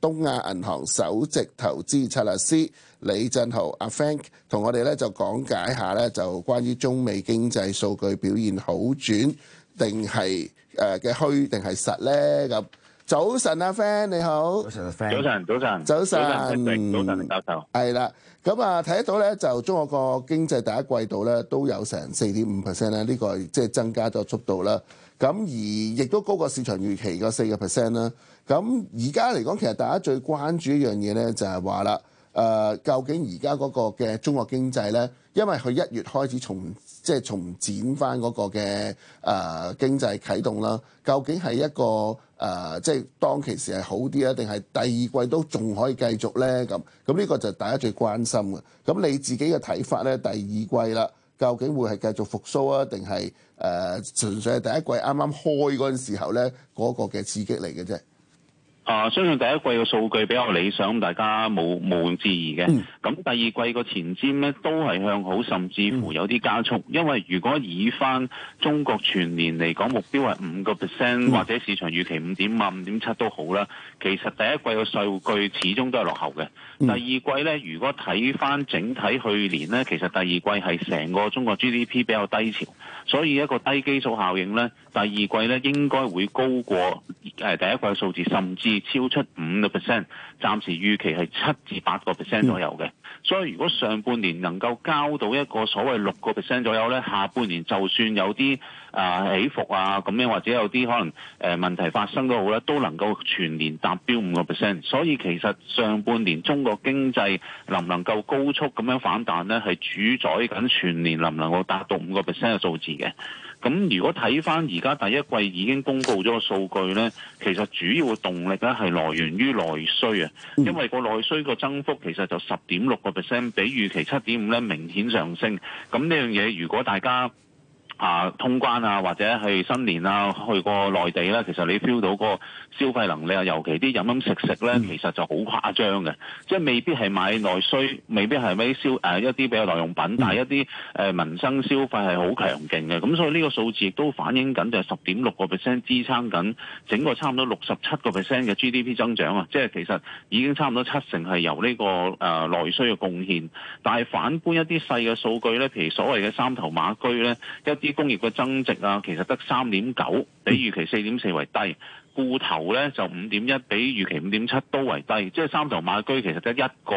東亞銀行首席投資策略師李振豪阿 Frank，同我哋咧就講解下咧，就關於中美經濟數據表現好轉定係誒嘅虛定係實咧咁。早晨阿 Frank 你好，早晨早晨早晨早晨，老鄧老鄧教授係啦，咁啊睇到咧就中國個經濟第一季度咧都有成四點五 percent 咧，呢個即係增加咗速度啦。咁而亦都高過市場預期嗰四個 percent 啦。咁而家嚟講，其實大家最關注一樣嘢呢，就係話啦，誒，究竟而家嗰個嘅中國經濟呢，因為佢一月開始重，即係重展翻嗰個嘅誒、呃、經濟啟動啦，究竟係一個誒、呃、即係當其時係好啲啊，定係第二季都仲可以繼續呢？咁咁呢個就係大家最關心嘅。咁你自己嘅睇法呢？第二季啦，究竟會係繼續復甦啊，定係？誒純、呃、粹係第一季啱啱開嗰陣時候呢嗰、那個嘅刺激嚟嘅啫。啊、呃，相信第一季嘅數據比較理想，大家冇冇置疑嘅。咁、嗯、第二季個前瞻呢都係向好，甚至乎有啲加速。嗯、因為如果以翻中國全年嚟講，目標係五個 percent 或者市場預期五點五、五點七都好啦。其實第一季嘅數據始終都係落後嘅。嗯、第二季呢，如果睇翻整體去年呢，其實第二季係成個中國 GDP 比較低潮。所以一個低基數效應咧，第二季咧應該會高過誒第一季嘅數字，甚至超出五個 percent，暫時預期係七至八個 percent 左右嘅。所以如果上半年能夠交到一個所謂六個 percent 左右咧，下半年就算有啲啊、呃、起伏啊咁樣，或者有啲可能誒、呃、問題發生都好咧，都能夠全年達標五個 percent。所以其實上半年中國經濟能唔能夠高速咁樣反彈咧，係主宰緊全年能唔能夠達到五個 percent 嘅數字嘅。咁如果睇翻而家第一季已經公布咗個數據呢，其實主要嘅動力呢係來源於內需啊，因為個內需個增幅其實就十點六個 percent，比預期七點五呢明顯上升。咁呢樣嘢如果大家，啊，通關啊，或者去新年啊，去過內地啦。其實你 feel 到個消費能力啊，尤其啲飲飲食食咧，其實就好誇張嘅，即係未必係買內需，未必係咩消，誒、啊、一啲比較耐用品，但係一啲誒、啊、民生消費係好強勁嘅，咁所以呢個數字亦都反映緊就係十點六個 percent 支撐緊整個差唔多六十七個 percent 嘅 GDP 增長啊，即係其實已經差唔多七成係由呢、這個誒、內、啊、需嘅貢獻。但係反觀一啲細嘅數據咧，譬如所謂嘅三頭馬居咧，一啲啲工業嘅增值啊，其實得三點九，比預期四點四為低；固投咧就五點一，比預期五點七都為低。即係三頭馬車，其實得一個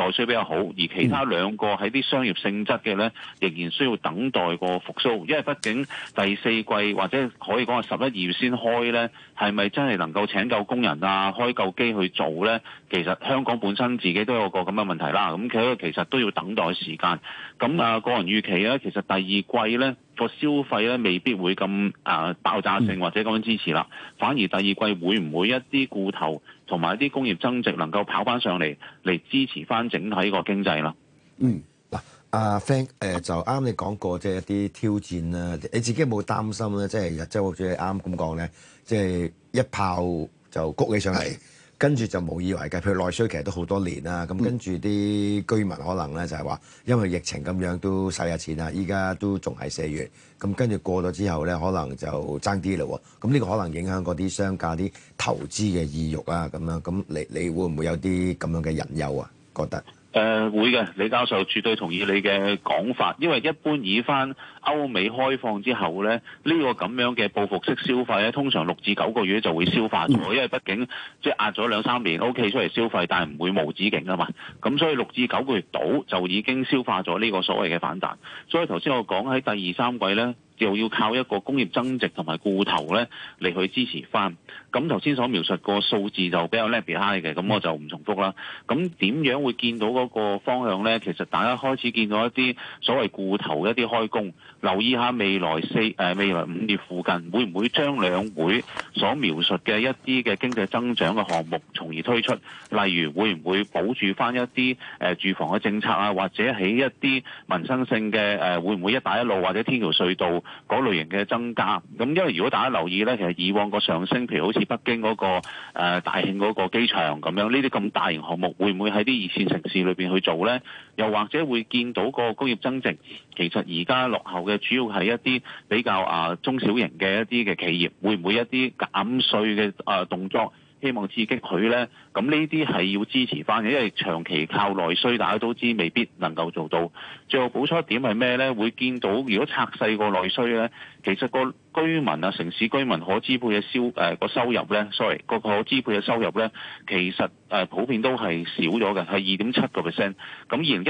內需比較好，而其他兩個喺啲商業性質嘅咧，仍然需要等待個復甦。因為畢竟第四季或者可以講係十一二月先開咧，係咪真係能夠請夠工人啊，開夠機去做咧？其實香港本身自己都有個個咁嘅問題啦。咁其實其實都要等待時間。咁啊，個人預期咧，其實第二季咧。個消費咧未必會咁啊爆炸性或者咁樣支持啦，反而第二季會唔會一啲固投同埋一啲工業增值能夠跑翻上嚟嚟支持翻整體個經濟啦？嗯，嗱、啊，阿 Frank 誒就啱你講過即係一啲挑戰啦，你自己有冇擔心咧？即係日周或者啱啱咁講咧，即係一炮就谷起上嚟。跟住就無以為繼，譬如內需其實都好多年啦，咁跟住啲居民可能咧就係話，因為疫情咁樣都使下錢啦，依家都仲係四月，咁跟住過咗之後咧，可能就爭啲喇喎，咁呢個可能影響嗰啲商家啲投資嘅意欲啊，咁樣，咁你你會唔會有啲咁樣嘅隱憂啊？覺得？誒、呃、會嘅，李教授絕對同意你嘅講法，因為一般以翻歐美開放之後咧，呢、呢個咁樣嘅報復式消費呢，通常六至九個月就會消化咗，因為畢竟即係壓咗兩三年，O K 出嚟消費，但係唔會無止境啊嘛，咁所以六至九個月到就已經消化咗呢個所謂嘅反彈，所以頭先我講喺第二三季咧。又要靠一個工業增值同埋固投咧嚟去支持翻。咁頭先所描述個數字就比較叻，比 high 嘅，咁我就唔重複啦。咁點樣會見到嗰個方向呢？其實大家開始見到一啲所謂固投一啲開工。留意下未來四、啊、未來五月附近會唔會將兩會所描述嘅一啲嘅經濟增長嘅項目從而推出？例如會唔會保住翻一啲、呃、住房嘅政策啊，或者喺一啲民生性嘅誒、啊、會唔會一帶一路或者天橋隧道？嗰類型嘅增加，咁因為如果大家留意呢，其實以往個上升，譬如好似北京嗰個、呃、大慶嗰個機場咁樣，呢啲咁大型項目會唔會喺啲二線城市裏面去做呢？又或者會見到個工業增值，其實而家落後嘅主要係一啲比較啊中小型嘅一啲嘅企業，會唔會一啲減稅嘅誒動作？希望刺激佢呢。咁呢啲係要支持翻嘅，因為長期靠內需，大家都知未必能夠做到。最後補充一點係咩呢？會見到如果拆細個內需呢，其實個居民啊、城市居民可支配嘅消、呃、收入呢 sorry 個可支配嘅收入呢，其實、呃、普遍都係少咗嘅，係二點七個 percent。咁二零一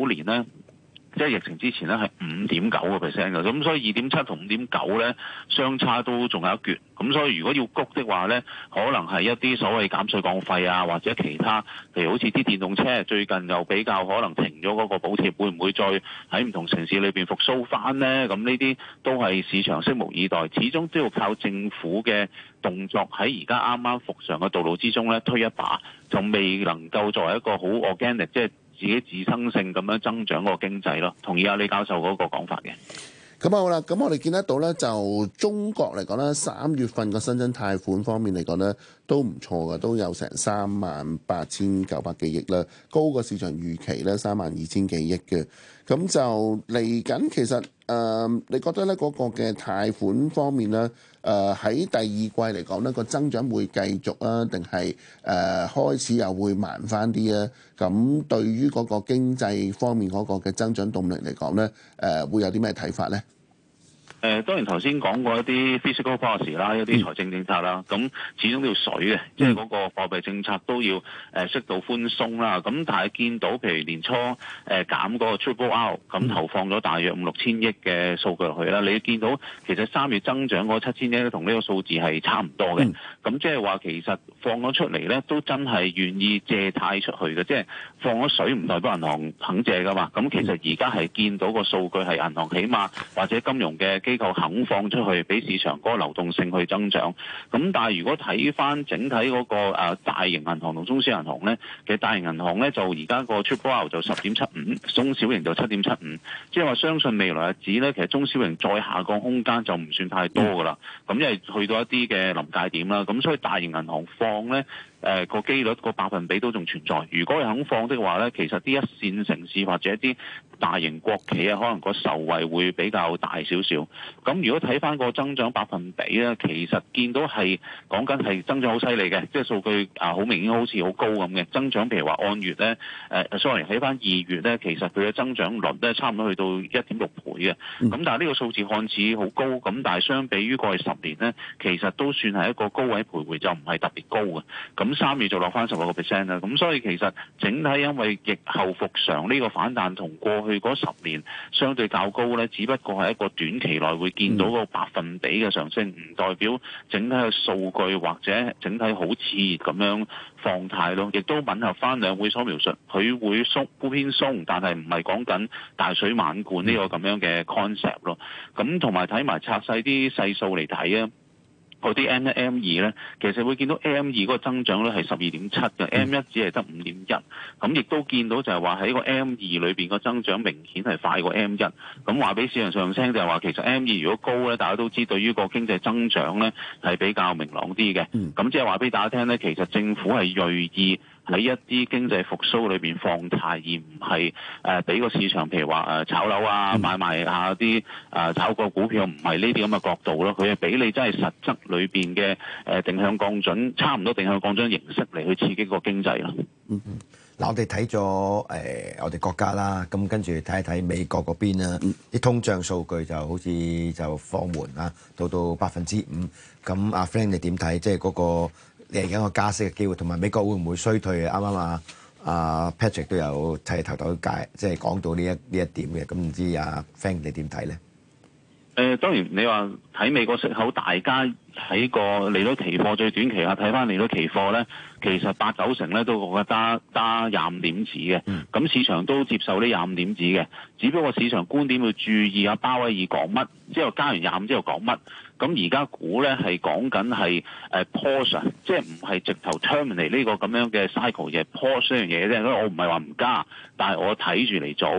九年呢。即係疫情之前咧，係五點九個 percent 嘅，咁所以二點七同五點九咧相差都仲有一橛，咁所以如果要谷的話咧，可能係一啲所謂減稅降費啊，或者其他，譬如好似啲電動車最近又比較可能停咗嗰個補貼，會唔會再喺唔同城市裏邊復甦翻咧？咁呢啲都係市場拭目以待，始終都要靠政府嘅動作喺而家啱啱復常嘅道路之中咧推一把，仲未能夠作為一個好 organic 即係。就是自己自生性咁樣增長個經濟咯，同意阿李教授嗰個講法嘅。咁啊好啦，咁我哋見得到咧，就中國嚟講咧，三月份個新增貸款方面嚟講咧，都唔錯嘅，都有成三萬八千九百幾億啦，高過市場預期咧，三萬二千幾億嘅。咁就嚟緊，其實誒、呃，你覺得咧嗰、嗰個嘅貸款方面咧，誒、呃、喺第二季嚟講咧，嗰個增長會繼續啊，定係誒開始又會慢翻啲咧？咁對於嗰個經濟方面嗰個嘅增長動力嚟講咧，誒、呃、會有啲咩睇法咧？誒當然頭先講過一啲 fiscal policy 啦，一啲財政政策啦，咁、嗯、始終都要水嘅，即係嗰個貨幣政策都要誒適、呃、度寬鬆啦。咁但係見到譬如年初誒減、呃、個 triple out，咁投放咗大約五六千億嘅數據落去啦。你見到其實三月增長嗰七千億同呢個數字係差唔多嘅。咁即係話其實放咗出嚟呢都真係願意借貸出去嘅，即、就、係、是、放咗水唔代表銀行肯借㗎嘛。咁其實而家係見到個數據係銀行起碼或者金融嘅機構肯放出去俾市場嗰個流動性去增長，咁但係如果睇翻整體嗰、那個誒、啊、大型銀行同中小銀行呢，其實大型銀行呢，就而家個出波率就十點七五，中小型就七點七五，即係話相信未來日子呢，其實中小型再下降空間就唔算太多噶啦，咁因為去到一啲嘅臨界點啦，咁所以大型銀行放呢誒個幾率個百分比都仲存在，如果佢肯放的話呢，其實啲一線城市或者一啲大型國企啊，可能個受惠會比較大少少。咁如果睇翻個增長百分比咧，其實見到係講緊係增長好犀利嘅，即係數據啊好明顯好似好高咁嘅增長。譬如話按月咧，誒、呃、sorry，睇翻二月咧，其實佢嘅增長率咧差唔多去到一點六倍嘅。咁但係呢個數字看似好高，咁但係相比於過去十年咧，其實都算係一個高位徘徊，就唔係特別高嘅。咁三月就落翻十六個 percent 啦。咁所以其實整體因為疫後復常呢個反彈同過去嗰十年相對較高咧，只不過係一個短期內。 會見到個百分比嘅上升，唔代表整體嘅數據或者整體好似咁樣放軚咯，亦都吻合翻兩會所描述，佢會鬆偏鬆，但係唔係講緊大水猛灌呢個咁樣嘅 concept 咯。咁同埋睇埋拆細啲細數嚟睇啊。嗰啲 M 一、M 二呢，其實會見到 M 二嗰個增長呢係十二點七嘅，M 一只係得五點一，咁亦都見到就係話喺個 M 二裏邊個增長明顯係快過 M 一，咁話俾市場上聽就係話其實 M 二如果高呢，大家都知對於個經濟增長呢係比較明朗啲嘅，咁即係話俾大家聽呢，其實政府係鋭意。喺一啲經濟復甦裏面放貸，而唔係誒俾個市場，譬如話誒炒樓啊、嗯、買賣下啲誒炒個股票，唔係呢啲咁嘅角度咯。佢係俾你真係實質裏面嘅誒定向降準，差唔多定向降準形式嚟去刺激個經濟咯、嗯。嗯嗯，嗱、嗯、我哋睇咗誒我哋國家啦，咁跟住睇一睇美國嗰邊啦，啲、嗯、通脹數據就好似就放緩啊，到到百分之五。咁阿、啊、Friend 你點睇？即係嗰、那個。而家個加息嘅機會，同埋美國會唔會衰退？啱啱啊啊 Patrick 都有剃頭頭解，即係講到呢一呢一點嘅，咁唔知啊 Frank 你點睇咧？誒當然你話。睇美國息口，大家喺個利率期貨最短期啊睇翻利率期貨咧，其實八九成咧都覺得加加廿五點子嘅，咁市場都接受呢廿五點子嘅。只不過市場觀點要注意啊，鮑威爾講乜，之後加完廿五之後講乜。咁而家估咧係講緊係誒 pause，即係唔係直頭 terminate 呢個咁樣嘅 cycle 嘢 pause 呢樣嘢啫。我唔係話唔加，但係我睇住嚟做。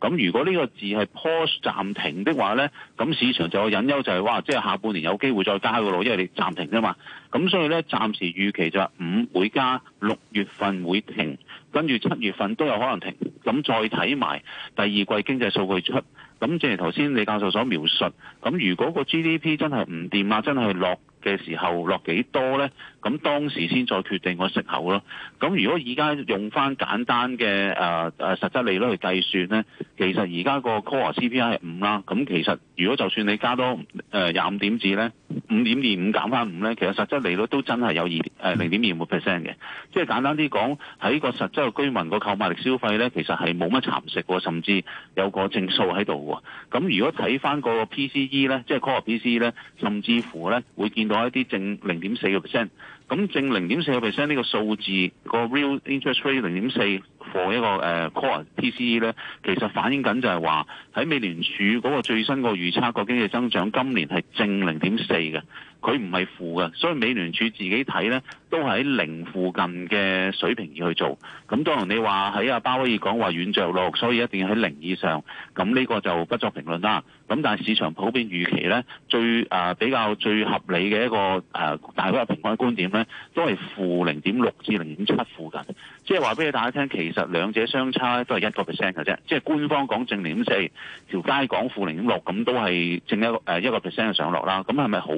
咁如果呢個字係 pause 暫停的話咧，咁市場就有隱憂就係話。即係下半年有機會再加個咯，因為你暫停啫嘛。咁所以呢，暫時預期就係五會加，六月份會停，跟住七月份都有可能停。咁再睇埋第二季經濟數據出，咁正如頭先李教授所描述。咁如果個 GDP 真係唔掂啊，真係落嘅時候落幾多呢？咁當時先再決定個息口咯。咁如果而家用翻簡單嘅誒誒實質利率去計算呢，其實而家個 core CPI 係五啦。咁其實如果就算你加多誒廿五點子呢，五點二五減翻五呢，其實實質利率都真係有二誒零點二五 percent 嘅。即係簡單啲講，喺個實質嘅居民個購買力消費呢，其實係冇乜蠶食喎，甚至有個正數喺度喎。咁如果睇翻個 PCE 呢，即係 core PC 呢，甚至乎呢會見。咗一啲正零點四個 percent，咁正零點四個 percent 呢個數字個 real interest rate 零點四 for 一個誒、uh, core PCE 咧，其實反映緊就係話喺美聯儲嗰個最新個預測個經濟增長，今年係正零點四嘅。佢唔係負嘅，所以美聯儲自己睇呢都喺零附近嘅水平而去做。咁當然你話喺阿鮑威爾講話軟著陸，所以一定要喺零以上。咁呢個就不作評論啦。咁但係市場普遍預期呢，最誒、呃、比較最合理嘅一個誒、呃、大概嗰個平均觀點呢，都係負零點六至零點七附近。即係話俾你大家聽，其實兩者相差都係一個 percent 嘅啫。即係官方講正零點四，條街講負零點六，咁都係正一個誒一個 percent 嘅上落啦。咁係咪好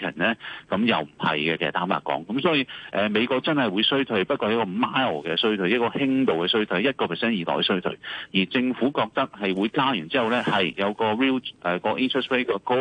人咁又唔係嘅。其實坦白講，咁所以誒、呃、美國真係會衰退，不過一個 mile 嘅衰退，一個輕度嘅衰退，一個 percent 以內嘅衰退。而政府覺得係會加完之後呢，係有個 real 誒、呃、個 interest rate 嘅高，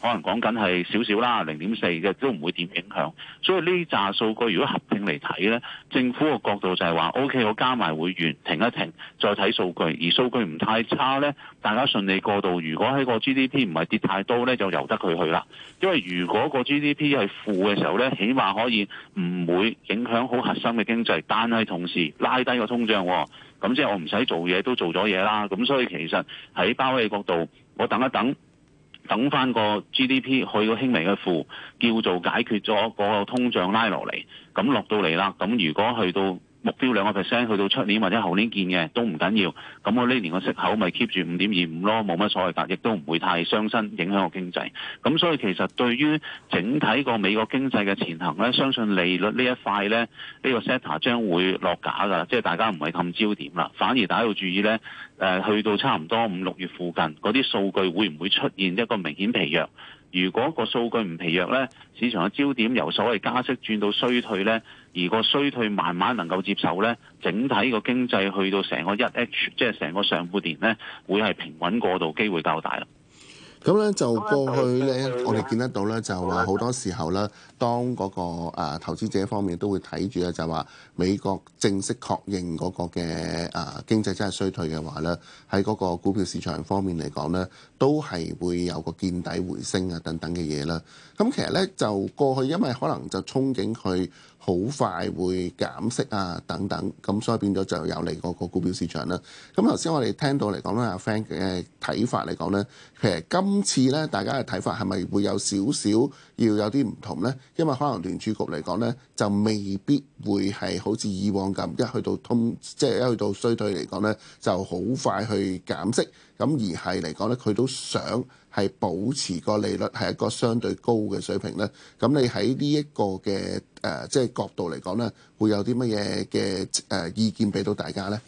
可能講緊係少少啦，零點四嘅都唔會點影響。所以呢扎數據如果合併嚟睇呢，政府嘅角度就係話：O K，我加埋會完，停一停，再睇數據。而數據唔太差呢，大家順利過渡。如果喺個 G D P 唔係跌太多呢，就由得佢去啦。因為如果、個 GDP 係負嘅時候呢，起碼可以唔會影響好核心嘅經濟，但係同時拉低個通脹。咁即係我唔使做嘢都做咗嘢啦。咁所以其實喺包威嘅角度，我等一等，等翻個 GDP 去個輕微嘅負，叫做解決咗個通脹拉落嚟。咁落到嚟啦。咁如果去到目標兩個 percent 去到出年或者後年見嘅都唔緊要，咁我呢年個息口咪 keep 住五點二五咯，冇乜所謂，但亦都唔會太傷身，影響個經濟。咁所以其實對於整體個美國經濟嘅前行呢，相信利率呢一塊呢，呢、呢個 sector 將會落架㗎喇，即係大家唔係咁焦點啦，反而大家要注意呢，誒去到差唔多五六月附近嗰啲數據會唔會出現一個明顯疲弱？如果個數據唔疲弱呢，市場嘅焦點由所謂加息轉到衰退呢。而個衰退慢慢能夠接受，呢，整體個經濟去到成個 1H，即係成個上半年呢，會係平穩過渡，機會較大啦。咁咧就過去咧，我哋見得到咧，就話好多時候咧，當嗰個、啊、投資者方面都會睇住啊，就話美國正式確認嗰個嘅啊經濟真係衰退嘅話咧，喺嗰個股票市場方面嚟講咧，都係會有個見底回升啊等等嘅嘢啦。咁其實咧就過去因為可能就憧憬佢好快會減息啊等等，咁所以變咗就有利嗰個股票市場啦。咁頭先我哋聽到嚟講啦，阿 Frank 嘅睇法嚟講咧，其實今今次咧，大家嘅睇法係咪會有少少要有啲唔同呢？因為可能聯儲局嚟講呢，就未必會係好似以往咁，一去到通，即係一去到衰退嚟講呢，就好快去減息。咁而係嚟講呢，佢都想係保持個利率係一個相對高嘅水平呢。咁你喺呢一個嘅誒，即係角度嚟講呢，會有啲乜嘢嘅誒意見俾到大家呢？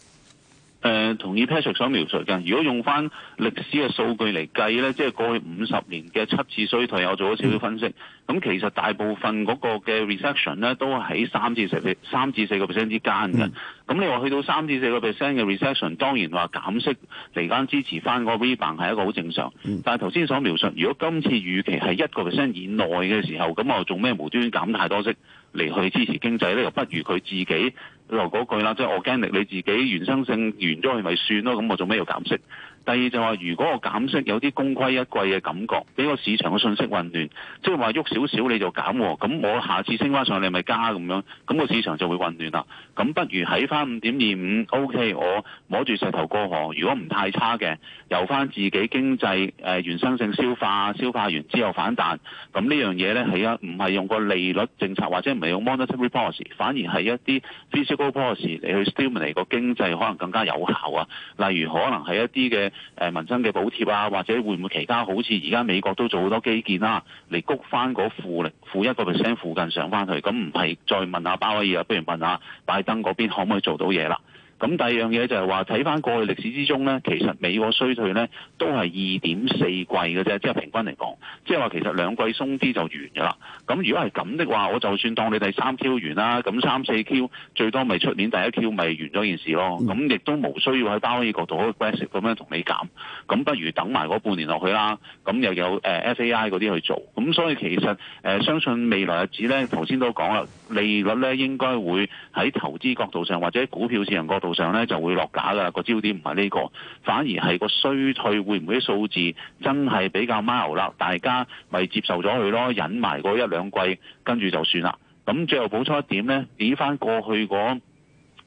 誒、呃、同意 Patrick 所描述嘅，如果用翻歷史嘅數據嚟計呢，即係過去五十年嘅七次衰退，我做咗少少分析。咁、嗯、其實大部分嗰個嘅 recession 呢，都喺三至四三至四個 percent 之間嘅。咁、嗯、你話去到三至四個 percent 嘅 recession，當然話減息嚟緊支持翻個 rebound 係一個好正常。嗯、但係頭先所描述，如果今次預期係一個 percent 以內嘅時候，咁我做咩無端端減太多息嚟去支持經濟呢？又不如佢自己。嗰句啦，即係我驚你你自己原生性完咗，係咪算咯？咁我做咩要減息？ 第二就話，如果我減息有啲功虧一簣嘅感覺，俾個市場嘅信息混亂，即係話喐少少你就減，咁我下次升翻上嚟咪加咁樣，咁、那個市場就會混亂啦。咁不如喺翻五點二五 OK，我摸住石頭過河。如果唔太差嘅，由翻自己經濟誒、呃、原生性消化，消化完之後反彈，咁呢樣嘢呢，係一唔係用個利率政策或者唔係用 monetary policy，反而係一啲 physical policy 嚟去 stimulate 個經濟，可能更加有效啊。例如可能係一啲嘅。誒民生嘅補貼啊，或者會唔會其他好似而家美國都做好多基建啦，啊，嚟谷翻嗰負零負一個 percent 附近上翻去？咁唔係再問下鮑威爾，不如問下拜登嗰邊可唔可以做到嘢啦？咁第二樣嘢就係話睇翻過去歷史之中呢，其實美國衰退呢都係二點四季嘅啫，即係平均嚟講，即係話其實兩季鬆啲就完咗啦。咁如果係咁的話，我就算當你第三 Q 完啦，咁三四 Q 最多咪出年第一 Q 咪完咗件事咯。咁亦都冇需要喺單位角度好 basic 咁樣同你減，咁不如等埋嗰半年落去啦。咁又有 FAI 嗰啲去做，咁所以其實、呃、相信未來日子呢，頭先都講啦，利率呢應該會喺投資角度上或者股票市場角度。上咧就會落假㗎，個焦點唔係呢個，反而係個衰退會唔會啲數字真係比較慢啦？大家咪接受咗佢咯，忍埋嗰一兩季，跟住就算啦。咁最後補充一點咧，點翻過去嗰。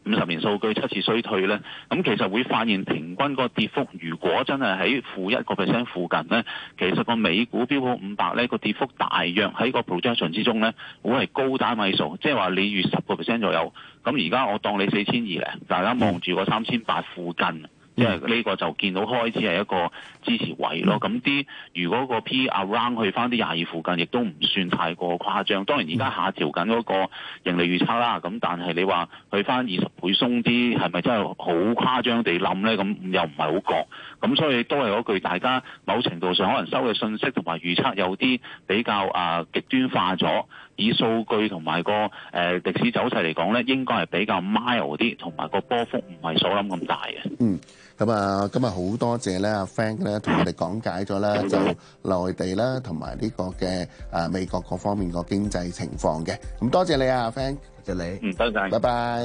五十年數據七次衰退呢，咁其實會發現平均個跌幅，如果真係喺負一個 percent 附近呢，其實個美股標普五百呢個跌幅，大約喺個 projection 之中呢，會係高單位數，即係話你預十個 percent 左右，咁而家我當你四千二嚟，大家望住個三千八附近。即係呢個就見到開始係一個支持位咯，咁啲、嗯、如果個 P around 去返啲廿二附近，亦都唔算太過誇張。當然而家下調緊嗰個盈利預測啦，咁但係你話去返二十倍鬆啲，係咪真係好誇張地冧呢？咁又唔係好覺。咁所以都係嗰句，大家某程度上可能收嘅信息同埋預測有啲比較啊極端化咗。以數據同埋、個誒歷、呃、史走勢嚟講呢，應該係比較 mild 啲，同埋個波幅唔係所諗咁大嘅。嗯。咁啊，今日好多謝咧，阿 Frank 咧同我哋講解咗咧 就內地啦，同埋呢個嘅美國各方面個經濟情況嘅。咁多謝你啊，阿 Frank，多謝你。嗯謝，拜拜拜拜。